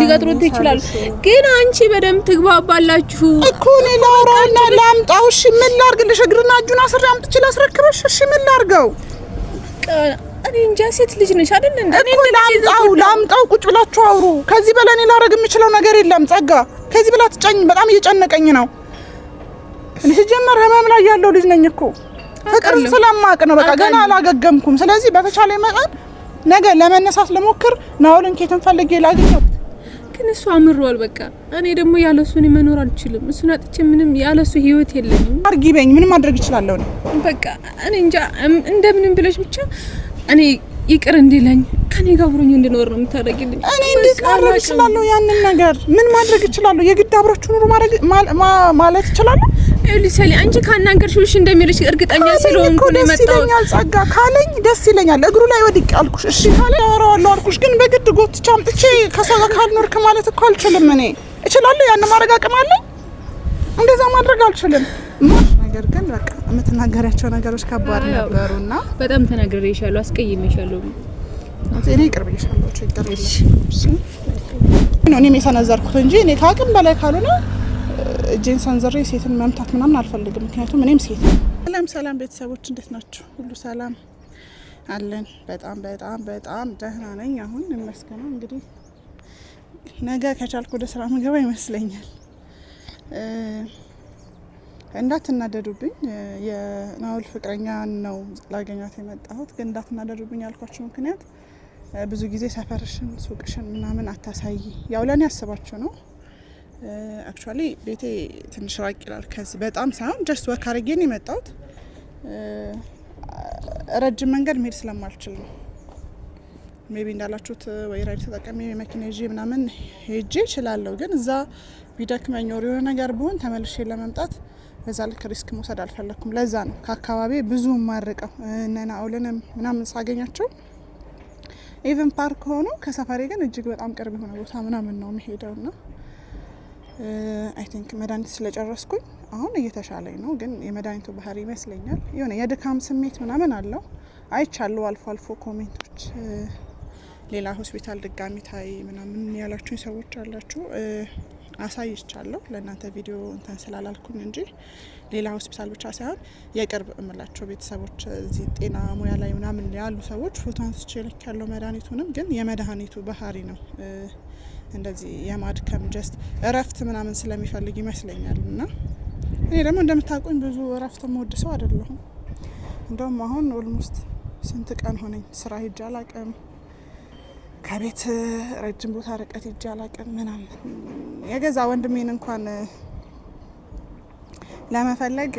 ሊቀጥሩት ይችላሉ። ግን አንቺ በደምብ ትግባባላችሁ እኮ ነው። ላውራውና ላምጣው። እሺ ምን ላርግልሽ? እግርና እጁን አስሬ አምጥቼ ላስረክበሽ? እሺ ምን ላርገው? እኔ እንጃ። ሴት ልጅ ነሽ አይደል? እንደ እኔ ላምጣው፣ ላምጣው። ቁጭ ብላችሁ አውሩ። ከዚህ በላይ እኔ ላረግ የምችለው ነገር የለም። ጸጋ፣ ከዚህ በላይ ትጨኝ። በጣም እየጨነቀኝ ነው። እኔ ሲጀመር ህመም ላይ ያለው ልጅ ነኝ እኮ ፍቅርን ስለማቅ ነው። በቃ ገና አላገገምኩም። ስለዚህ በተቻለ መጠን ነገ ለመነሳት ልሞክር። ናውልን ኬትን ፈልጌ ላግኘው። ግን እሱ አምሯል። በቃ እኔ ደግሞ ያለሱ እኔ መኖር አልችልም። እሱን አጥቼ ምንም ያለ እሱ ህይወት የለኝም። አርጊ በኝ ምን ማድረግ እችላለሁ? በቃ እኔ እንጃ። እንደምንም ብለሽ ብቻ እኔ ይቅር እንዲለኝ ከኔ ጋር አብሮኝ እንድኖር ነው የምታደርጊልኝ። እኔ እንዴት ማድረግ እችላለሁ? ያንን ነገር ምን ማድረግ እችላለሁ? የግድ አብራችሁ ኑሮ ማለት እችላለሁ ሊሰሊ አንቺ ካናገርሽውሽ እንደሚልሽ እርግጠኛ ስለሆንኩ ነው የመጣሁት። ጸጋ ካለኝ ደስ ይለኛል። እግሩ ላይ ወድቅ አልኩሽ። እሺ ካለ አወራዋለሁ አልኩሽ። ግን በግድ ጎትቼ አምጥቼ ከእሷ ጋር ካልኖርክ ማለት እኮ አልችልም። እኔ እችላለሁ፣ ያን ማድረግ አቅም አለኝ። እንደዛ ማድረግ አልችልም። ነገር ግን በቃ የምትናገሪያቸው ነገሮች ከባድ ነበሩና በጣም ተናግሬሻለሁ፣ አስቀይሜሻለሁ። እኔ ይቅር ብዬሻለሁ። እኔ የሰነዘርኩት እንጂ እኔ ከአቅም በላይ ካልሆነ እጄን ሰንዝሬ ሴትን መምታት ምናምን አልፈልግም፣ ምክንያቱም እኔም ሴት ነው። ሰላም ሰላም ቤተሰቦች እንዴት ናችሁ? ሁሉ ሰላም አለን። በጣም በጣም በጣም ደህና ነኝ። አሁን ይመስገነው እንግዲህ ነገ ከቻልኩ ወደ ስራ ምግባ ይመስለኛል። እንዳትናደዱብኝ የናውል ፍቅረኛ ነው ላገኛት የመጣሁት። ግን እንዳትናደዱብኝ ያልኳቸው ምክንያት ብዙ ጊዜ ሰፈርሽን፣ ሱቅሽን ምናምን አታሳይ ያው ለእኔ አስባችሁ ነው አክቹዋሊ ቤቴ ትንሽ ራቅ ይላል ከዚህ በጣም ሳይሆን ጀስት ወክ አድርጌ ነው የመጣሁት። ረጅም መንገድ መሄድ ስለማልችል ነው። ሜቢ እንዳላችሁት ወይ ራይድ ተጠቀሚ መኪና ይዤ ምናምን ሄጄ እችላለሁ፣ ግን እዛ ቢደክመኝ ወር የሆነ ነገር ብሆን ተመልሼ ለመምጣት በዛ ልክ ሪስክ መውሰድ አልፈለግኩም። ለዛ ነው ከአካባቢ ብዙ ማርቀው እነና አውልንም ምናምን ሳገኛቸው ኢቨን ፓርክ ሆኖ ከሰፈሬ ግን እጅግ በጣም ቅርብ የሆነ ቦታ ምናምን ነው የሚሄደው ና አይ ቲንክ መድኃኒት ስለጨረስኩኝ አሁን እየተሻለኝ ነው። ግን የመድኃኒቱ ባህሪ ይመስለኛል የሆነ የድካም ስሜት ምናምን አለው አይቻለሁ። አልፎ አልፎ ኮሜንቶች ሌላ ሆስፒታል ድጋሚ ታይ ምናምን ያላችሁኝ ሰዎች አላችሁ። አሳይቻለሁ ለእናንተ ቪዲዮ እንትን ስላላልኩኝ እንጂ ሌላ ሆስፒታል ብቻ ሳይሆን የቅርብ እምላቸው ቤተሰቦች እዚህ ጤና ሙያ ላይ ምናምን ያሉ ሰዎች ፎቶ አንስቼ ልክ ያለው መድኃኒቱንም ግን የመድኃኒቱ ባህሪ ነው እንደዚህ የማድከም ጀስት እረፍት ምናምን ስለሚፈልግ ይመስለኛል። እና እኔ ደግሞ እንደምታውቁኝ ብዙ እረፍት የምወድ ሰው አይደለሁም። እንደውም አሁን ኦልሞስት ስንት ቀን ሆነኝ ስራ ሂጄ አላቅም፣ ከቤት ረጅም ቦታ ርቀት ሂጄ አላቅም ምናምን የገዛ ወንድሜን እንኳን ለመፈለግ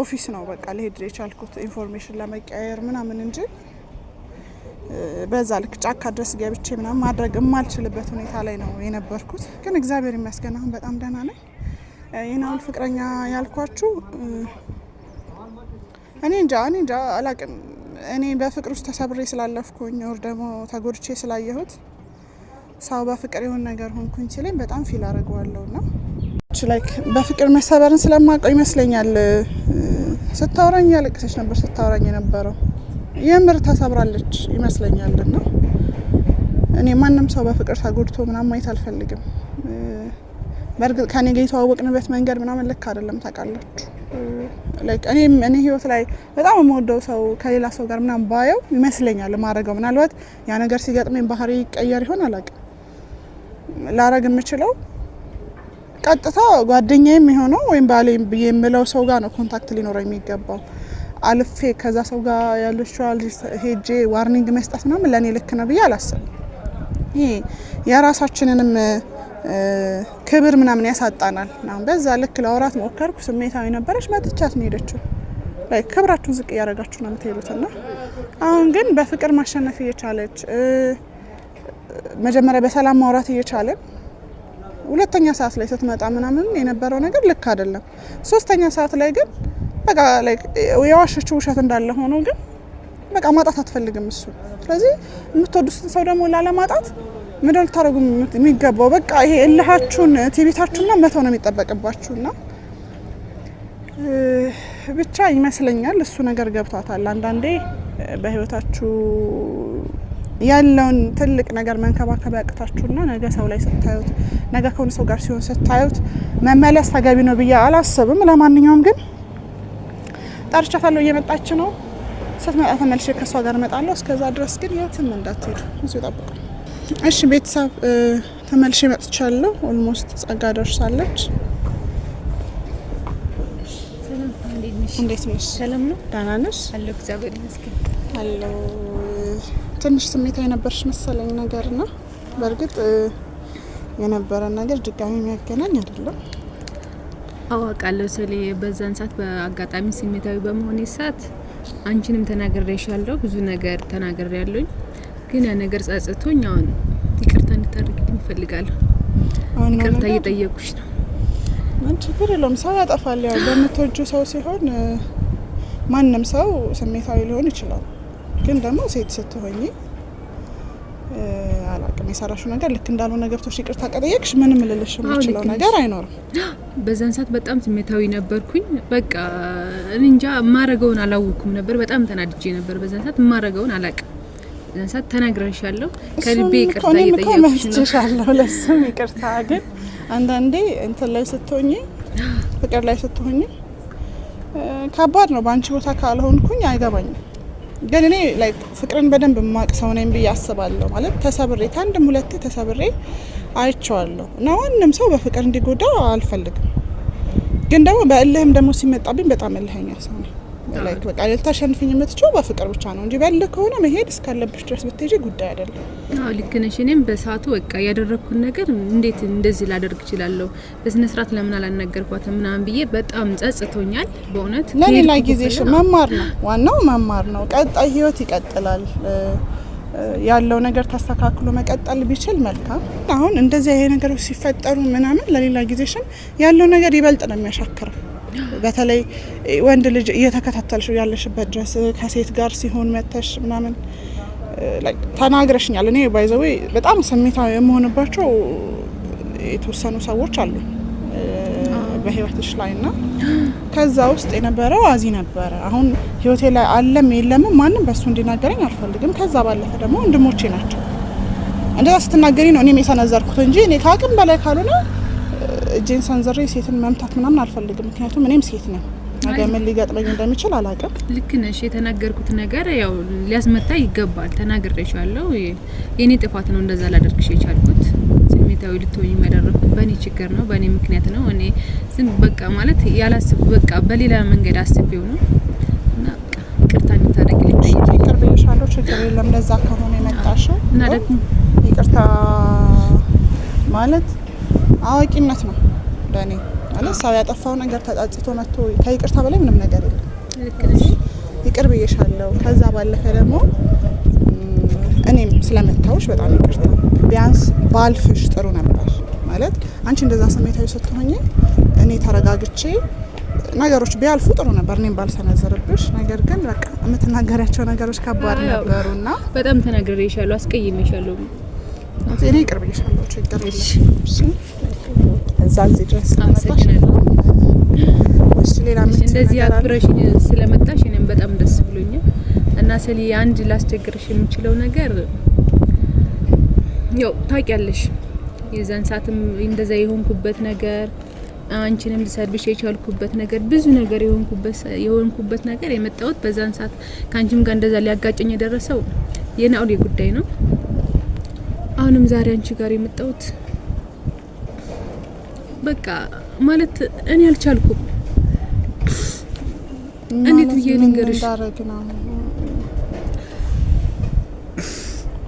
ኦፊስ ነው በቃ ለሄድ የቻልኩት ኢንፎርሜሽን ለመቀያየር ምናምን እንጂ በዛ ልክ ጫካ ድረስ ገብቼ ምናምን ማድረግ የማልችልበት ሁኔታ ላይ ነው የነበርኩት። ግን እግዚአብሔር ይመስገን አሁን በጣም ደህና ነኝ። የናሁል ፍቅረኛ ያልኳችሁ እኔ እንጃ እኔ እንጃ አላቅም። እኔ በፍቅር ውስጥ ተሰብሬ ስላለፍኩኝ ወር ደግሞ ተጎድቼ ስላየሁት ሰው በፍቅር የሆን ነገር ሆንኩኝ ሲለኝ በጣም ፊል አድርገዋለሁ ና ላይክ በፍቅር መሰበርን ስለማውቀው ይመስለኛል ስታወራኝ ያለቅሰች ነበር ስታወራኝ የነበረው የምር ተሰብራለች ይመስለኛል። ና እኔ ማንም ሰው በፍቅር ተጎድቶ ምናምን ማየት አልፈልግም። በእርግጥ ከኔ ጋር የተዋወቅንበት መንገድ ምናምን ልክ አይደለም ታውቃላችሁ። እኔም እኔ ህይወት ላይ በጣም የምወደው ሰው ከሌላ ሰው ጋር ምናምን ባየው ይመስለኛል ማድረገው። ምናልባት ያ ነገር ሲገጥመኝ ባህሪ ይቀየር ይሆን አላውቅም። ላረግ የምችለው ቀጥታ ጓደኛዬም የሆነው ወይም ባሌ የምለው ሰው ጋር ነው ኮንታክት ሊኖረው የሚገባው። አልፌ ከዛ ሰው ጋር ያለችዋ ሄጄ ዋርኒንግ መስጠት ምናምን ለእኔ ልክ ነው ብዬ አላስብም። ይሄ የራሳችንንም ክብር ምናምን ያሳጣናል። በዛ ልክ ለወራት ሞከርኩ። ስሜታዊ ነበረች። መጥቻት ነው ሄደችው። ክብራችሁን ዝቅ እያደረጋችሁ ነው ና አሁን ግን በፍቅር ማሸነፍ እየቻለች መጀመሪያ በሰላም ማውራት እየቻለን ሁለተኛ ሰዓት ላይ ስትመጣ ምናምን የነበረው ነገር ልክ አይደለም። ሶስተኛ ሰዓት ላይ ግን በቃ የዋሸችው ውሸት እንዳለ ሆኖ ግን በቃ ማጣት አትፈልግም እሱ። ስለዚህ የምትወዱትን ሰው ደግሞ ላለማጣት ምንድን ልታደርጉ የሚገባው? በቃ ይሄ እልሃችሁን ትዕቢታችሁና መተው ነው የሚጠበቅባችሁና ብቻ ይመስለኛል እሱ ነገር ገብቷታል። አንዳንዴ በህይወታችሁ ያለውን ትልቅ ነገር መንከባከብ ያቅታችሁና ነገ ሰው ላይ ስታዩት፣ ነገ ከሆነ ሰው ጋር ሲሆን ስታዩት መመለስ ተገቢ ነው ብዬ አላስብም። ለማንኛውም ግን ጠርቻታለሁ፣ እየመጣች ነው። ስትመጣ ተመልሼ ከእሷ ጋር እመጣለሁ። እስከዛ ድረስ ግን የትም እንዳትሄዱ እዚሁ ጠብቁ። እሺ ቤተሰብ ተመልሼ መጥቻለሁ። ኦልሞስት ጸጋ ደርሳለች። እንዴት ነሽ? ሰላም ነው? ደህና ነሽ? አለሁ፣ እግዚአብሔር ይመስገን። አለሁ። ትንሽ ስሜት የነበርሽ መሰለኝ ነገር እና በእርግጥ የነበረን ነገር ድጋሚ የሚያገናኝ አይደለም አዋቃለሁ ስለ በዛን ሰዓት በአጋጣሚ ስሜታዊ በመሆኔ ሰዓት አንቺንም ተናግሬሻለሁ፣ ብዙ ነገር ተናግሬያለሁኝ። ግን ያ ነገር ጸጽቶኝ አሁን ይቅርታ እንድታደርግልኝ እፈልጋለሁ። ይቅርታ እየጠየቁሽ ነው። ምን ችግር የለውም። ሰው ያጠፋል። ያው በምትወጁ ሰው ሲሆን ማንም ሰው ስሜታዊ ሊሆን ይችላል። ግን ደግሞ ሴት ስትሆኝ አላውቅም። የሰራሽው ነገር ልክ እንዳልሆነ ገብቶሽ ይቅርታ ቀጠየቅሽ ምንም ልልሽ የምችለው ነገር አይኖርም። በዛን ሰዓት በጣም ስሜታዊ ነበርኩኝ። በቃ እንጃ ማረገውን አላውኩም ነበር። በጣም ተናድጄ ነበር። በዛን ሰዓት ማረገውን አላውቅም። በዛን ሰዓት ተናግረሻለሁ፣ ከልቤ ይቅርታ እየጠየቅሽለሁ። ለሱም ይቅርታ ግን አንዳንዴ እንትን ላይ ስትሆኝ፣ ፍቅር ላይ ስትሆኝ ከባድ ነው። በአንቺ ቦታ ካልሆንኩኝ አይገባኝም ግን እኔ ላይ ፍቅርን በደንብ የማቅ ሰው ነኝ ብዬ አስባለሁ። ማለት ተሰብሬ ከአንድም ሁለቴ ተሰብሬ አይቼዋለሁ እና ማንም ሰው በፍቅር እንዲጎዳ አልፈልግም። ግን ደግሞ በእልህም ደግሞ ሲመጣብኝ በጣም እልህኛ ሰው ነኝ። በቃ ልታሸንፍኝ የምትችው በፍቅር ብቻ ነው እንጂ በል ከሆነ መሄድ እስካለብሽ ድረስ ብትሄጂ ጉዳይ አይደለም። አዎ ልክ ነሽ። እኔም በሰዓቱ በቃ ያደረግኩት ነገር እንዴት እንደዚህ ላደርግ እችላለሁ፣ በስነ ስርዓት ለምን አላናገርኳት ምናምን ብዬ በጣም ጸጽቶኛል በእውነት። ለሌላ ጊዜሽ መማር ነው ዋናው መማር ነው። ቀጣይ ህይወት ይቀጥላል። ያለው ነገር ተስተካክሎ መቀጠል ቢችል መልካም። አሁን እንደዚህ አይነት ነገሮች ሲፈጠሩ ምናምን ለሌላ ጊዜሽም ያለው ነገር ይበልጥ ነው የሚያሻክረው። በተለይ ወንድ ልጅ እየተከታተልሽ ያለሽበት ድረስ ከሴት ጋር ሲሆን መተሽ ምናምን ተናግረሽኛል። እኔ ባይዘዌ በጣም ስሜታዊ የምሆንባቸው የተወሰኑ ሰዎች አሉ በህይወትሽ ላይ እና ከዛ ውስጥ የነበረው አዚ ነበረ። አሁን ህይወቴ ላይ አለም የለምም ማንም በሱ እንዲናገረኝ አልፈልግም። ከዛ ባለፈ ደግሞ ወንድሞቼ ናቸው። እንደዛ ስትናገሪ ነው እኔም የሰነዘርኩት እንጂ እኔ ከአቅም በላይ ካልሆነ እጄን ሰንዝሬ ሴትን መምታት ምናምን አልፈልግም። ምክንያቱም እኔም ሴት ነኝ። ነገ ምን ሊገጥመኝ እንደሚችል አላውቅም። ልክ ነሽ። የተናገርኩት ነገር ያው ሊያስመታ ይገባል። ተናግሬሻለሁ። የእኔ ጥፋት ነው እንደዛ ላደርግሽ የቻልኩት። ስሜታዊ ልትሆኝ ያደረኩት በእኔ ችግር ነው፣ በእኔ ምክንያት ነው። እኔ ዝም በቃ ማለት ያላስብ በቃ በሌላ መንገድ አስቤው ነው እና ይቅርታ እንድታደርግልኝ ይቅር ብዬሻለሁ። ችግር የለም። ለዛ ከሆነ የመጣሽው እና ደግሞ ይቅርታ ማለት አዋቂነት ነው እንደኔ ማለት ሰው ያጠፋው ነገር ተጻጽቶ መጥቶ ከይቅርታ በላይ ምንም ነገር የለም። ይቅር ብዬሻለሁ። ከዛ ባለፈ ደግሞ እኔም ስለመታወሽ በጣም ይቅርታ። ቢያንስ ባልፍሽ ጥሩ ነበር ማለት አንቺ እንደዛ ስሜታዊ ስትሆኝ እኔ ተረጋግቼ ነገሮች ቢያልፉ ጥሩ ነበር፣ እኔም ባልሰነዝርብሽ። ነገር ግን በቃ የምትናገሪያቸው ነገሮች ከባድ ነበሩ እና በጣም ተናግሬሻለሁ፣ አስቀይሜሻለሁ። እኔ ይቅር ብዬሻለሁ። ችግር የለም እዛ እዚህ ድረስ ሌላ እንደዚህ አክብረሽኝ ስለመጣሽ እኔም በጣም ደስ ብሎኛል። እና ስለ አንድ ላስቸግርሽ የምችለው ነገር ያው ታውቂያለሽ፣ የዛን ሰዓትም እንደዛ የሆንኩበት ነገር አንቺንም ልሰርብሽ የቻልኩበት ነገር ብዙ ነገር የሆንኩበት የሆንኩበት ነገር የመጣሁት በዛን ሰዓት ከአንቺም ጋር እንደዛ ሊያጋጨኝ የደረሰው የናኦል ጉዳይ ነው። አሁንም ዛሬ አንቺ ጋር የመጣሁት በቃ ማለት እኔ አልቻልኩም። እንዴት ብዬ ልንገርሽ?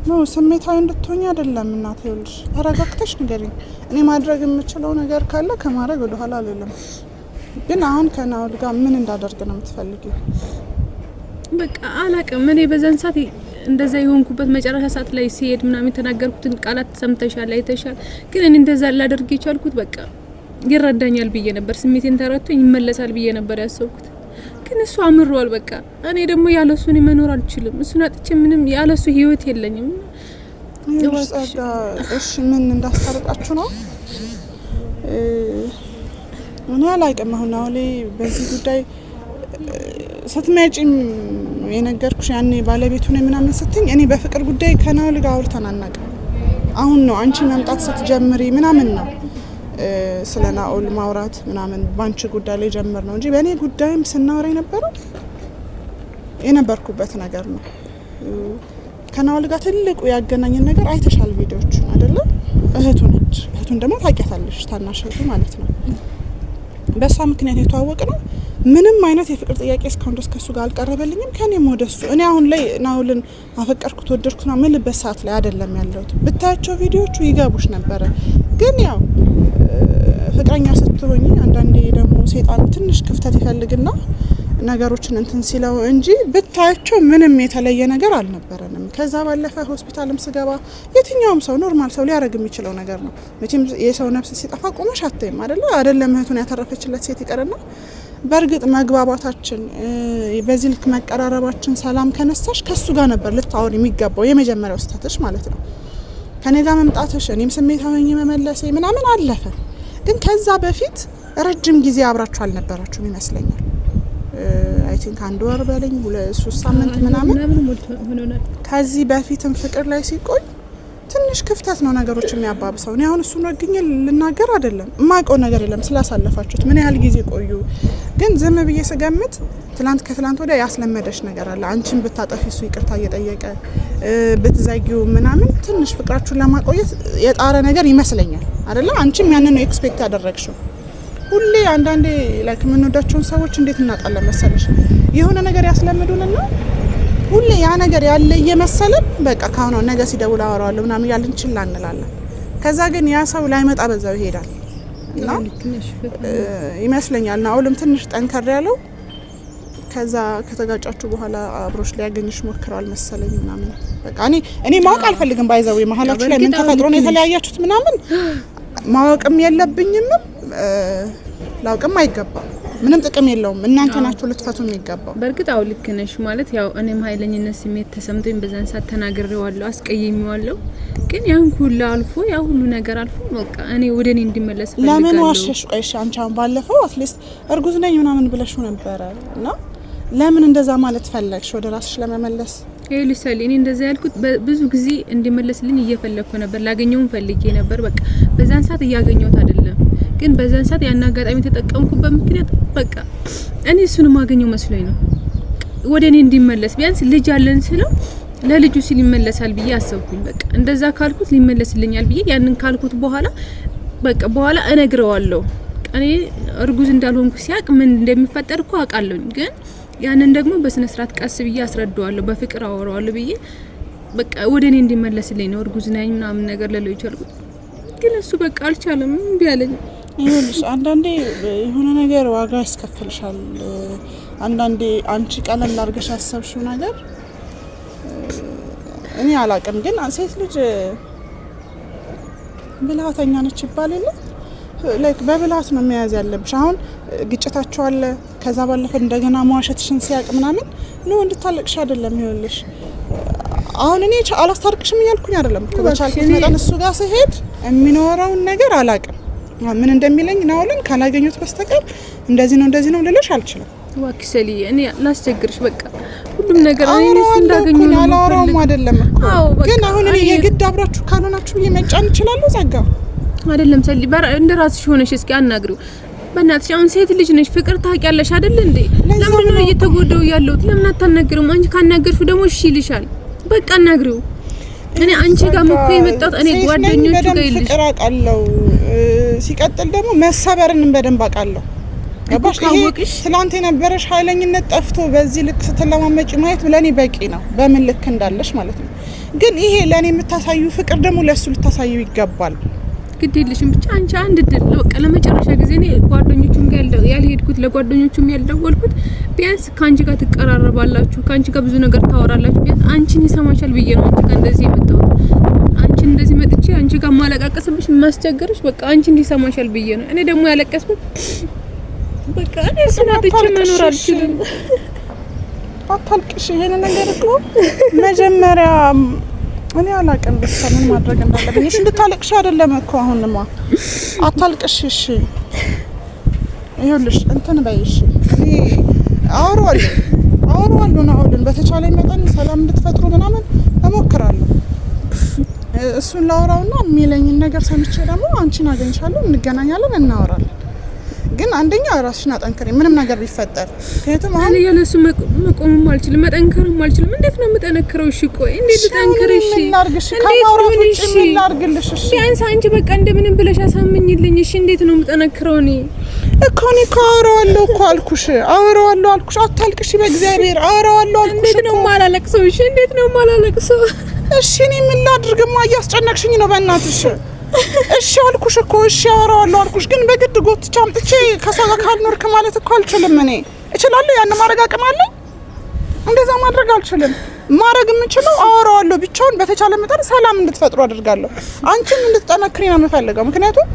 ነው ስሜታዊ እንድትሆኝ አይደለም እናቴ። ይኸውልሽ ተረጋግተሽ ንገሪኝ። እኔ ማድረግ የምችለው ነገር ካለ ከማድረግ ወደኋላ አልልም። ግን አሁን ከናውል ጋር ምን እንዳደርግ ነው የምትፈልጊ በቃ አላቅም። እኔ በዛን ሰዓት እንደዛ የሆንኩበት መጨረሻ ሰዓት ላይ ሲሄድ ምናምን የተናገርኩትን ቃላት ሰምተሻል፣ አይተሻል። ግን እኔ እንደዛ ላደርግ የቻልኩት በቃ ይረዳኛል ብዬ ነበር። ስሜቴን ተረቶ ይመለሳል ብዬ ነበር ያሰብኩት። ግን እሱ አምሯል። በቃ እኔ ደግሞ ያለ እኔ መኖር አልችልም። እሱን አጥቼ ምንም ያለሱ ህይወት የለኝም። እሺ ምን እንዳስታርቃችሁ ነው? እኔ አላውቅም። አሁን አሁን በዚህ ጉዳይ ስትመጪም የነገርኩሽ ያኔ ባለቤቱ ነው ምናምን ስትኝ እኔ በፍቅር ጉዳይ ከናውል ጋር አውርተን አናውቅም። አሁን ነው አንቺ መምጣት ስትጀምሪ ምናምን ነው ስለ ናኦል ማውራት ምናምን ባንቺ ጉዳይ ላይ ጀምር ነው እንጂ በእኔ ጉዳይም ስናወራ የነበረው የነበርኩበት ነገር ነው። ከናኦል ጋር ትልቁ ያገናኝን ነገር አይተሻል፣ ቪዲዮቹን አይደለም። እህቱ ነች፣ እህቱን ደግሞ ታውቂያታለሽ፣ ታናሽ እህቱ ማለት ነው። በእሷ ምክንያት የተዋወቅ ነው። ምንም አይነት የፍቅር ጥያቄ እስካሁን ድረስ ከእሱ ጋር አልቀረበልኝም፣ ከእኔም ወደ እሱ። እኔ አሁን ላይ ናውልን አፈቀርኩት ወደድኩት ምልበት ሰዓት ላይ አይደለም ያለሁት። ብታያቸው ቪዲዮቹ ይገቡሽ ነበረ ግን ያው ፍቅረኛ ስትሆኝ አንዳንዴ ደግሞ ሴጣኑ ትንሽ ክፍተት ይፈልግና ነገሮችን እንትን ሲለው እንጂ ብታያቸው ምንም የተለየ ነገር አልነበረንም። ከዛ ባለፈ ሆስፒታልም ስገባ የትኛውም ሰው ኖርማል ሰው ሊያደርግ የሚችለው ነገር ነው። መቼም የሰው ነፍስ ሲጠፋ ቆመሽ አታይም አደለ? አደለም እህቱን ያተረፈችለት ሴት ይቀርና በእርግጥ መግባባታችን በዚህ ልክ መቀራረባችን ሰላም ከነሳሽ ከሱ ጋር ነበር ልታወር የሚገባው የመጀመሪያው ስታተሽ ማለት ነው። ከኔ ጋር መምጣትሽ እኔም ስሜታዊ ሆኜ መመለሴ ምናምን አለፈ። ግን ከዛ በፊት ረጅም ጊዜ አብራችሁ አልነበራችሁም ይመስለኛል። አይ ቲንክ አንድ ወር በለኝ ሁለት ሶስት ሳምንት ምናምን ከዚህ በፊትም ፍቅር ላይ ሲቆይ ትንሽ ክፍተት ነው ነገሮች የሚያባብሰው። እኔ አሁን እሱን ልናገር አይደለም፣ የማውቀው ነገር የለም ስላሳለፋችሁት፣ ምን ያህል ጊዜ ቆዩ። ግን ዝም ብዬ ስገምት ትላንት ከትላንት ወዲያ ያስለመደች ነገር አለ። አንቺን ብታጠፊ እሱ ይቅርታ እየጠየቀ ብትዘጊው ምናምን ትንሽ ፍቅራችሁን ለማቆየት የጣረ ነገር ይመስለኛል። አደለ? አንቺም ያንን ነው ኤክስፔክት ያደረግሽው። ሁሌ አንዳንዴ ላይክ የምንወዳቸውን ሰዎች እንዴት እናጣለን መሰለሽ የሆነ ነገር ያስለምዱንና ሁሌ ያ ነገር ያለ እየመሰለን በቃ ካሁን ነገ ሲደውል አወራዋለሁ ምናምን እያልን ችላ እንላለን። ከዛ ግን ያ ሰው ላይመጣ በዛው ይሄዳል እና ይመስለኛል ናኦልም ትንሽ ጠንከር ያለው ከዛ ከተጋጫችሁ በኋላ አብሮች ሊያገኝሽ ሞክረዋል መሰለኝ ምናምን በቃ እኔ እኔ ማወቅ አልፈልግም። ባይዘው መሀላችሁ ላይ ምን ተፈጥሮ ነው የተለያያችሁት ምናምን ማወቅም የለብኝም ላውቅም አይገባም። ምንም ጥቅም የለውም። እናንተ ናችሁ ልትፈቱ የሚገባው። በእርግጥ አዎ ልክ ነሽ። ማለት ያው እኔም ኃይለኝነት ስሜት ተሰምቶኝ በዛን ሰዓት ተናግሬዋለሁ፣ አስቀይሜዋለሁ። ግን ያን ሁሉ አልፎ ያ ሁሉ ነገር አልፎ በቃ እኔ ወደ እኔ እንዲመለስ ለምን ዋሸሽ? ቆይሽ አንቺ አሁን ባለፈው አትሊስት እርጉዝ ነኝ ምናምን ብለሽው ነበረ እና ለምን እንደዛ ማለት ፈለግሽ? ወደ ራስሽ ለመመለስ ይሄ ልሰል እኔ እንደዛ ያልኩት ብዙ ጊዜ እንዲመለስልኝ እየፈለግኩ ነበር፣ ላገኘውን ፈልጌ ነበር። በቃ በዛን ሰዓት እያገኘሁት አይደለም። ግን በዛን ሰዓት ያን አጋጣሚ ተጠቀምኩበት ምክንያት በቃ እኔ እሱን ማገኘው መስሎኝ ነው ወደ እኔ እንዲመለስ ቢያንስ ልጅ አለን ስለው ለልጁ ሲል ይመለሳል ብዬ አሰብኩኝ። በቃ እንደዛ ካልኩት ሊመለስልኛል ብዬ ያንን ካልኩት በኋላ በቃ በኋላ እነግረዋለሁ። እኔ እርጉዝ እንዳልሆንኩ ሲያቅ ምን እንደሚፈጠር እኮ አውቃለሁ፣ ግን ያንን ደግሞ በስነ ስርዓት ቀስ ብዬ አስረዳዋለሁ፣ በፍቅር አወራዋለሁ ብዬ በቃ ወደ እኔ እንዲመለስልኝ ነው እርጉዝ ነኝ ምናምን ነገር ለለው ይቻልኩት፣ ግን እሱ በቃ አልቻለም፣ እምቢ አለኝ። ይሁንሽ አንዳንዴ የሆነ ነገር ዋጋ ያስከፍልሻል። አንዳንዴ አንቺ ቀለል ላርገሽ ያሰብሽው ነገር እኔ አላቅም፣ ግን ሴት ልጅ ብልሃተኛ ነች ይባል የለ ላይክ በብልሃት ነው መያዝ ያለብሽ። አሁን ግጭታችሁ አለ፣ ከዛ ባለፈ እንደገና መዋሸትሽን ሲያቅ ምናምን ኖ እንድታለቅሽ አይደለም ይሆንልሽ። አሁን እኔ አላስታርቅሽም እያልኩኝ አይደለም እኮ በቻልኩት መጠን እሱ ጋር ስሄድ የሚኖረውን ነገር አላቅም ምን እንደሚለኝ ናውልን ካላገኙት በስተቀር እንደዚህ ነው እንደዚህ ነው ልልሽ አልችልም። ዋክሰሊ እኔ ላስቸግርሽ፣ በቃ ሁሉም ነገር እኔ እሱ እንዳገኘ ነው። አላወራውም አይደለም እኮ ግን አሁን እኔ የግድ አብራችሁ ካልሆናችሁ እየመጫን እችላለሁ። ጸጋ አይደለም ሰሊ፣ በራ እንደ ራስሽ ሆነሽ እስኪ አናግሪው በእናትሽ። አሁን ሴት ልጅ ነሽ፣ ፍቅር ታውቂያለሽ አይደል እንዴ? ለምን ነው እየተጎደው ያለሁት? ለምን አታናግሪውም? አንቺ ካናገርሽ ደግሞ እሺ ይልሻል። በቃ አናግሪው። እኔ አንቺ ጋር እኮ የመጣሁት እኔ ጓደኞቹ ጋር ይልሽ ፍቅር አውቃለሁ ሲቀጥል ደግሞ መሰበርንም በደንብ አውቃለሁ። ትላንት የነበረሽ ኃይለኝነት ጠፍቶ በዚህ ልክ ስትለማመጪ ማየት ለእኔ በቂ ነው፣ በምን ልክ እንዳለሽ ማለት ነው። ግን ይሄ ለእኔ የምታሳዩ ፍቅር ደግሞ ለእሱ ልታሳዩ ይገባል። ግድ የለሽም ብቻ አንቺ አንድ ድል በቃ ለመጨረሻ ጊዜ እኔ ጓደኞቹም ጋር ያልሄድኩት ለጓደኞቹም ያልደወልኩት ቢያንስ ከአንቺ ጋር ትቀራረባላችሁ፣ ከአንቺ ጋር ብዙ ነገር ታወራላችሁ፣ ቢያንስ አንቺን ይሰማሻል ብዬ ነው አንቺ ጋር እንደዚህ የመጣሁት። አንቺን እንደዚህ መጥቼ አንቺ ጋር ማለቃቀስብሽ ማስቸገርሽ በቃ አንቺ እንዲሰማሻል ብዬ ነው። እኔ ደግሞ ያለቀስኩት በቃ እኔ ስናትቼ መኖር አልችልም። አታልቅሽ። ይሄን ነገር እኮ መጀመሪያ እኔ አላቅም ብቻ ምን ማድረግ እንዳለብኝ። እሺ እንድታለቅሽ አይደለም እኮ አሁንማ፣ አታልቅሽ። እሺ ይኸውልሽ እንትን በይ እሺ። እኔ አወራዋለሁ አወራዋለሁ ነው አሁን በተቻለኝ መጠን ሰላም እንድትፈጥሩ ምናምን እሞክራለሁ እሱን ላወራውና የሚለኝን ነገር ሰምቼ ደግሞ አንቺን አገኝሻለሁ፣ እንገናኛለን፣ እናወራለን። ግን አንደኛ ራስሽን አጠንክሪ፣ ምንም ነገር ቢፈጠር። ምክንያቱም አሁን ያለሱ መቆምም አልችልም፣ መጠንከርም አልችልም። እንዴት ነው የምጠነክረው? እሺ ቆይ እንዴት ልጠንክር? እሺ ላርግሽ፣ ከማውራት ውጭ ምን ላርግልሽ? እሺ ቢያንስ አንቺ በቃ እንደምንም ብለሽ አሳምኝልኝ። እሺ እንዴት ነው የምጠነክረው? እኔ እኮ እኔ እኮ አወራዋለሁ እኮ አልኩሽ፣ አወራዋለሁ አልኩሽ። አታልቅሽ፣ በእግዚአብሔር አወራዋለሁ አልኩሽ። እንዴት ነው የማላለቅሰው? እሺ እንዴት ነው የማላለቅሰው? እሺ እኔ ምን ላድርግማ? እያስጨነቅሽኝ ነው በእናትሽ። እሺ አልኩሽ እኮ እሺ አወራዋለሁ አልኩሽ፣ ግን በግድ ጎትቼ አምጥቼ ከእሷ ጋር ካልኖርክ ማለት እኮ አልችልም። እኔ እችላለሁ፣ ያን ማድረግ አቅም አለኝ። እንደዛ ማድረግ አልችልም። ማድረግ የምችለው አወራዋለሁ ብቻውን፣ በተቻለ መጠን ሰላም እንድትፈጥሩ አድርጋለሁ። አንቺም እንድትጠነክሪ ነው የምፈልገው። ምክንያቱም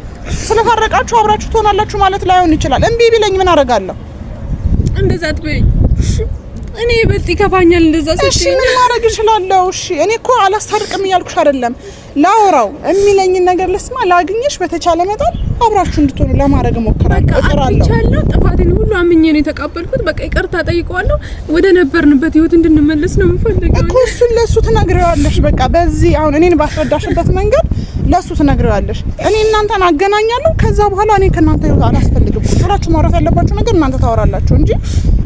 ስለፈረቃችሁ አብራችሁ ትሆናላችሁ ማለት ላይሆን ይችላል። እምቢ ቢለኝ ምን አደርጋለሁ? እንደዛ አትበይኝ እኔ ይበልጥ ይከፋኛል እንደዛ። እሺ ምን ማድረግ እችላለሁ? እሺ እኔ እኮ አላስታርቅም እያልኩሽ አይደለም ላውራው የሚለኝን ነገር ልስማ፣ ላግኝሽ በተቻለ መጠን አብራችሁ እንድትሆኑ ለማድረግ ሞክራለሁ እጥራለሁ። ጥፋቴን ሁሉ አምኜ ነው የተቀበልኩት። በቃ ይቅርታ ጠይቀዋለሁ። ወደ ነበርንበት ህይወት እንድንመለስ ነው የምፈልገው እኮ። እሱን ለእሱ ትነግረዋለሽ በቃ በዚህ አሁን እኔን ባስረዳሽበት መንገድ ለእሱ ትነግረዋለሽ እኔ እናንተን አገናኛለሁ። ከዛ በኋላ እኔ ከእናንተ ህይወት አላስፈልግም። ቁጥራችሁ ማውራት ያለባችሁ ነገር እናንተ ታወራላችሁ እንጂ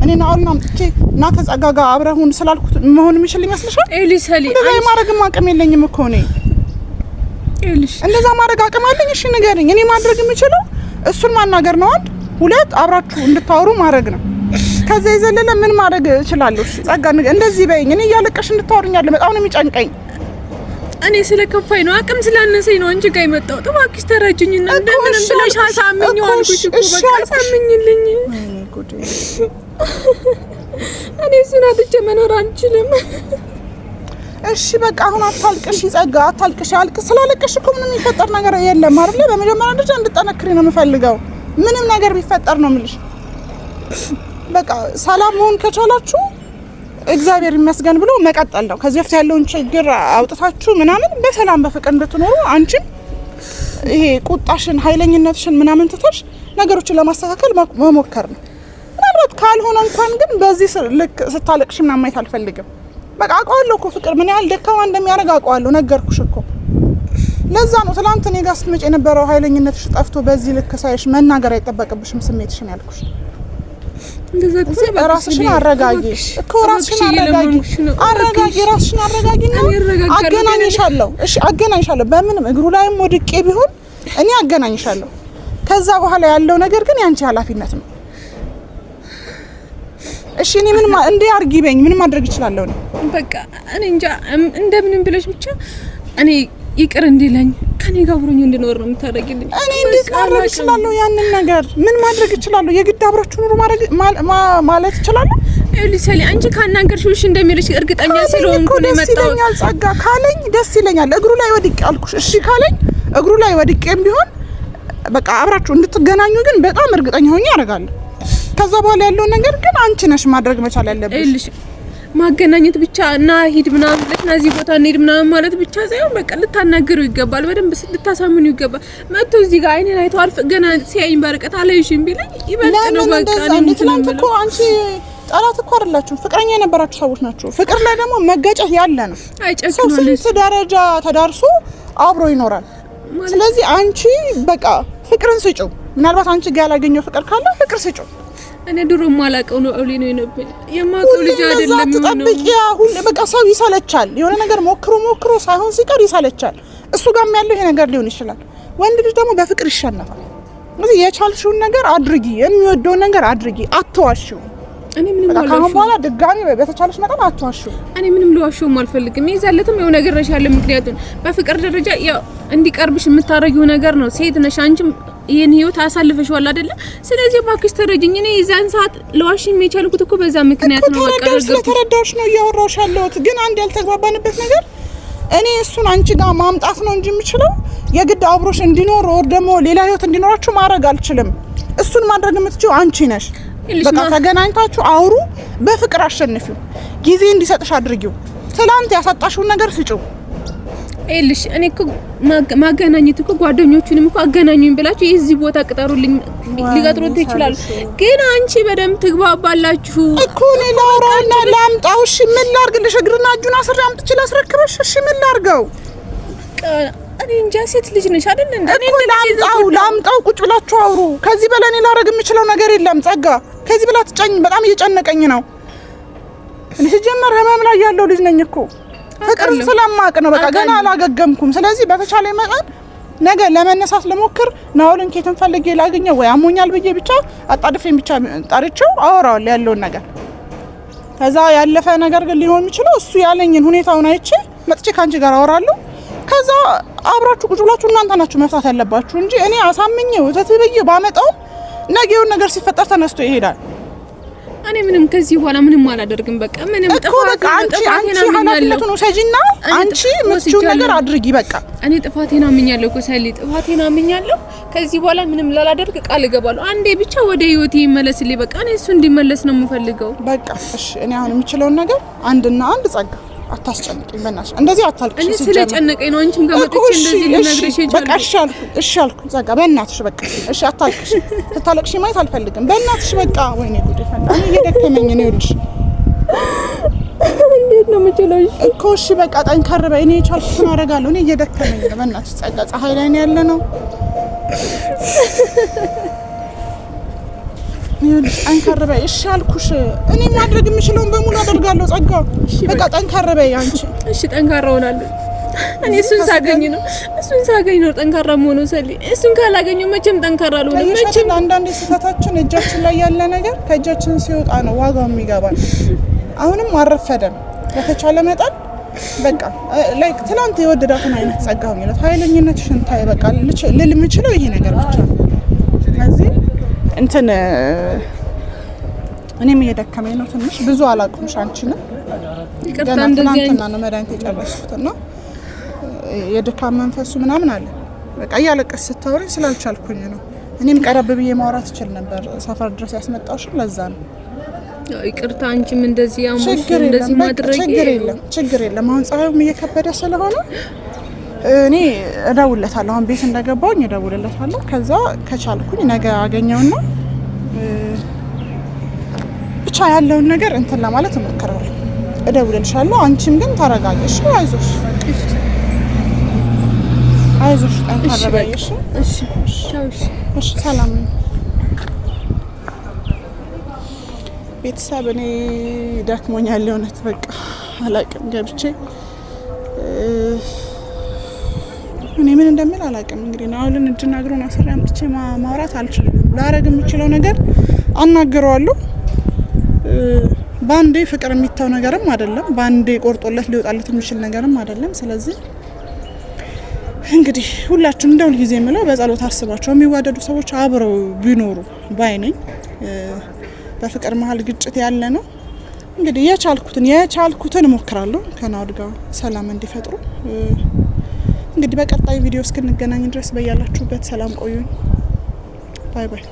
እኔ ናሁን አምጥቼ እና ተጸጋጋ አብረሁን ስላልኩት መሆን የሚችል ይመስልሻል? ኤሊሰሊ ማድረግም አቅም የለኝም እኮ እኔ እንደዛ ማድረግ አቅም አለኝ። እሺ ንገረኝ። እኔ ማድረግ የምችለው እሱን ማናገር ነው። አንድ ሁለት አብራችሁ እንድታወሩ ማድረግ ነው። ከዛ የዘለለ ምን ማድረግ እችላለሁ? ጸጋ እንደዚህ በይኝ። እኔ እያለቀሽ እንድታወሩኛለ። በጣም ነው የሚጨንቀኝ። እኔ ስለ ከፋኝ ነው አቅም ስላነሰኝ ነው እንጂ ጋር የመጣው እባክሽ ተረጅኝና እንደምንም ብለሽ አሳምኝ አልኩሽ እኮ በቃ አሳምኝልኝ። እኔ እሱን አጥቼ መኖር አልችልም። እሺ በቃ አሁን አታልቅሽ፣ ጸጋ አታልቅሽ። አልቅ ስላለቅሽ እኮ ምንም የሚፈጠር ነገር የለም አይደለ? በመጀመሪያ ደረጃ እንድጠነክሪ ነው የምፈልገው። ምንም ነገር ቢፈጠር ነው የምልሽ። በቃ ሰላም መሆን ከቻላችሁ እግዚአብሔር ይመስገን ብሎ መቀጠል ነው። ከዚህ በፊት ያለውን ችግር አውጥታችሁ ምናምን በሰላም በፍቅር እንድትኖሩ አንቺም ይሄ ቁጣሽን፣ ኃይለኝነትሽን ምናምን ትተሽ ነገሮችን ለማስተካከል መሞከር ነው። ምናልባት ካልሆነ እንኳን ግን በዚህ ልክ ስታለቅሽ ምናምን ማየት አልፈልግም። በቃ አውቀዋለሁ እኮ ፍቅር ምን ያህል ደካማ እንደሚያደርግ አውቀዋለሁ። ነገርኩሽ እኮ ለዛ ነው ትናንት እኔ ጋር ስትመጪ የነበረው ኃይለኝነትሽ ጠፍቶ በዚህ ልክ ሳይሽ መናገር አይጠበቅብሽም ስሜትሽን ያልኩሽ። ራስሽን አረጋጊ እኮ ራስሽን አረጋጊ አረጋጊ ራስሽን አረጋጊ ነው። አገናኝሻለሁ፣ እሺ አገናኝሻለሁ። በምንም እግሩ ላይም ወድቄ ቢሆን እኔ አገናኝሻለሁ። ከዛ በኋላ ያለው ነገር ግን ያንቺ ኃላፊነት ነው። እሺ እኔ ምን እንዴ አርጊ በኝ ምን ማድረግ እችላለሁ? በቃ እኔ እንጃ እንደምንም ብለሽ ብቻ እኔ ይቅር እንዲለኝ ከኔ ጋር አብሮኝ እንድኖር ነው የምታደርጊልኝ። እኔ እንዴት ማድረግ እችላለሁ? ያንን ነገር ምን ማድረግ እችላለሁ? የግድ አብራችሁ ኑሮ ማድረግ ማለት እችላለሁ? ሊሰሊ አንቺ ካናገርሽው እሺ እንደሚልሽ እርግጠኛ ስለሆንኩ ነው ደስ ይለኛል ጸጋ ካለኝ ደስ ይለኛል። እግሩ ላይ ወድቄ አልኩሽ። እሺ ካለኝ እግሩ ላይ ወድቄም ቢሆን በቃ አብራችሁ እንድትገናኙ ግን በጣም እርግጠኛ ሆኜ አደርጋለሁ። ከዛ በኋላ ያለው ነገር ግን አንቺ ነሽ ማድረግ መቻል ያለብሽ። ማገናኘት ብቻ እና ሂድ ምናምን ብለሽ ና እዚህ ቦታ እንሂድ ምናምን ማለት ብቻ ሳይሆን በቃ ልታናገሩ ይገባል። በደንብ ልታሳምኑ ይገባል። መጥቶ እዚህ ጋር አይኔን አይቶ አልፍ ገና ሲያይኝ በርቀት አላይሽም ቢለኝ ይበልጥ ነው። በቃ ትናንት እኮ አንቺ ጠላት እኮ አይደላችሁም፣ ፍቅረኛ የነበራችሁ ሰዎች ናችሁ። ፍቅር ላይ ደግሞ መገጨት ያለ ነው። ሰው ስንት ደረጃ ተዳርሶ አብሮ ይኖራል። ስለዚህ አንቺ በቃ ፍቅርን ስጩ። ምናልባት አንቺ ጋር ያላገኘው ፍቅር ካለ ፍቅር ስጩ። እኔ ድሮ ማላቀው ነው አውሊ ነው የነበረ የማውቀው ልጅ አይደለም። ተጠብቂ አሁን በቃ ሰው ይሰለቻል። የሆነ ነገር ሞክሮ ሞክሮ ሳይሆን ሲቀር ይሰለቻል። እሱ ጋር ያለው ይሄ ነገር ሊሆን ይችላል። ወንድ ልጅ ደግሞ በፍቅር ይሸነፋል። ስለዚህ የቻልሽውን ነገር አድርጊ፣ የሚወደውን ነገር አድርጊ፣ አትዋሽው። እኔ ምንም ማለት ካሁን በኋላ ድጋሚ በተቻለሽ መጠን አትዋሽው። እኔ ምንም ልዋሽውም አልፈልግም። ይዛለትም የሆነ ነገር ረሻለ ምክንያቱም በፍቅር ደረጃ ያው እንዲቀርብሽ የምታረጊው ነገር ነው። ሴት ነሽ አንቺም ይህን ህይወት አሳልፈሽዋል አይደለ? ስለዚህ እባክሽ ተረጅኝ። እኔ የዛን ሰዓት ለዋሽ የሚቻልኩት እኮ በዛ ምክንያት ነው። በቃ ስለተረዳሁሽ ነው እያወራሁሽ ያለሁት። ግን አንድ ያልተግባባንበት ነገር እኔ እሱን አንቺ ጋር ማምጣት ነው እንጂ የምችለው የግድ አብሮሽ እንዲኖር ወር ደግሞ ሌላ ህይወት እንዲኖራችሁ ማድረግ አልችልም። እሱን ማድረግ የምትችው አንቺ ነሽ። በቃ ተገናኝታችሁ አውሩ፣ በፍቅር አሸንፊው፣ ጊዜ እንዲሰጥሽ አድርጊው። ትላንት ያሳጣሽውን ነገር ስጪው። ይኸውልሽ እኔ እኮ ማገናኘት እኮ ጓደኞቹንም እኮ አገናኙኝ ብላችሁ የዚህ ቦታ ቅጠሩልኝ ሊቀጥሩት ይችላሉ። ግን አንቺ በደምብ ትግባባላችሁ እኮ ነው። ላውራውና ላምጣው። እሺ ምን ላርግልሽ? እግርና እጁን አስሬ አምጥቼ ላስረክበሽ። እሺ ምን ላርገው? እኔ እንጃ። ሴት ልጅ ነሽ አይደል? እንደ እኮ ላምጣው፣ ላምጣው። ቁጭ ብላችሁ አውሩ። ከዚህ በላይ እኔ ላረግ የምችለው ነገር የለም። ጸጋ፣ ከዚህ ብላ ትጨኝ። በጣም እየጨነቀኝ ነው። ሲጀመር ህመም ላይ ያለው ልጅ ነኝ እኮ ፍቅር ስለማቅ ነው። በቃ ገና አላገገምኩም። ስለዚህ በተቻለ መጠን ነገ ለመነሳት ልሞክር ናውልን ኬትን ፈልጌ ላገኘው ወይ አሞኛል ብዬ ብቻ አጣድፌን ብቻ ጠርቼው አወራዋለሁ ያለውን ነገር። ከዛ ያለፈ ነገር ግን ሊሆን የሚችለው እሱ ያለኝን ሁኔታውን አይቼ መጥቼ ከአንቺ ጋር አወራለሁ። ከዛ አብራችሁ ቁጭ ብላችሁ እናንተ ናችሁ መፍታት ያለባችሁ እንጂ እኔ አሳምኜው ተትብዬ ብዬ ባመጣው የሆነ ነገር ሲፈጠር ተነስቶ ይሄዳል። እኔ ምንም ከዚህ በኋላ ምንም አላደርግም። በቃ ምንም ጥፋት አንቺ አንቺ ኃላፊነቱን ውሰጂና አንቺ የምትችይውን ነገር አድርጊ። በቃ እኔ ጥፋቴን አምኛለሁ እኮ ሰሊ፣ ጥፋቴን አምኛለሁ። ከዚህ በኋላ ምንም ላላደርግ ቃል እገባለሁ። አንዴ ብቻ ወደ ህይወቴ ይመለስልኝ። በቃ እኔ እሱ እንዲመለስ ነው የምፈልገው። በቃ እሺ፣ እኔ አሁን የምችለውን ነገር አንድና አንድ ጸጋ አታስጨንቀኝ፣ በእናትሽ እንደዚህ አታልቅሽ። እኔ ስለጨነቀኝ ነው አንቺም ጋር መጥቼ እንደዚህ ልነግርሽ ይችላል። በቃ እሺ አልኩ፣ እሺ አልኩ። ዘጋ በእናትሽ በቃ እሺ፣ አታልቅሽ። ስታለቅሽ ማየት አልፈልግም። በእናትሽ በቃ ወይኔ ጉድ ፈንታ፣ እኔ እየደከመኝ ነው። ይኸውልሽ እንዴት ነው የምችለው? እኮ እሺ በቃ ጠንከር በይ። እኔ የቻልኩትን አደርጋለሁ። እኔ እየደከመኝ ነው። በእናትሽ ጸጋ፣ ፀሐይ ላይ ነው ያለ ነው ጠንከር በይ እሺ አልኩሽ። እኔ ማድረግ የምችለውን በሙሉ አደርጋለሁ። ጸጋ በቃ ጠንከር በይ አንቺ። እሺ ጠንካራ ሆናለሁ። እኔ እሱን ሳገኝ ነው እሱን ሳገኝ ነው ጠንካራ መሆኑ ሰሊ እሱን ካላገኘው መቼም ጠንካራ አልሆንም። መቼም አንዳንድ ስህተታችን እጃችን ላይ ያለ ነገር ከእጃችን ሲወጣ ነው ዋጋው የሚገባል። አሁንም አረፈደም። በተቻለ መጠን በቃ ላይክ ትናንት የወደዳትን አይነት ጸጋ ሆኝለት ኃይለኝነትሽን ታይ በቃ ልል የምችለው ይሄ ነገር ብቻ ነው እዚህ እንትን እኔም እየደከመኝ ነው ትንሽ ብዙ አላውቅምሽ አንቺንም ገና ትናንትና ነው መድኃኒት የጨረስኩት እና የድካም መንፈሱ ምናምን አለ በቃ እያለቀስ ስታወሪኝ ስላልቻልኩኝ ነው እኔም ቀረብ ብዬ ማውራት እችል ነበር ሰፈር ድረስ ያስመጣውሽ ለዛ ነው ይቅርታ አንቺም እንደዚህ ያሞሽ እንደዚህ ማድረግ ችግር የለም ችግር የለም አሁን ፀሐዩም እየከበደ ስለሆነ እኔ እደውልለታለሁ። አሁን ቤት እንደገባሁኝ እደውልለታለሁ። ከዛ ከቻልኩኝ ነገ አገኘውና ብቻ ያለውን ነገር እንትን ለማለት እሞክራለሁ። እደውልልሻለሁ። አንቺም ግን ታረጋግሽ። አይዞሽ፣ አይዞሽ፣ ታረጋግሽ። እሺ፣ ሰላም ቤተሰብ። እኔ ደክሞኛል። የእውነት በቃ አላቅም ገብቼ እኔ ምን እንደምል አላውቅም። እንግዲህ ናኦልን እጅና እግሩን አስሬ አምጥቼ ማውራት አልችልም። ላረግ የምችለው ነገር አናግረዋለሁ። በአንዴ ፍቅር የሚታው ነገርም አይደለም። በአንዴ ቆርጦለት ሊወጣለት የሚችል ነገርም አይደለም። ስለዚህ እንግዲህ ሁላችሁም እንደ ሁልጊዜ የምለው በጸሎት አስባቸው የሚዋደዱ ሰዎች አብረው ቢኖሩ ባይ ነኝ። በፍቅር መሀል ግጭት ያለ ነው። እንግዲህ የቻልኩትን የቻልኩትን እሞክራለሁ ከናኦል ጋር ሰላም እንዲፈጥሩ እንግዲህ በቀጣይ ቪዲዮ እስክንገናኝ ድረስ በያላችሁበት ሰላም ቆዩኝ። ባይ ባይ።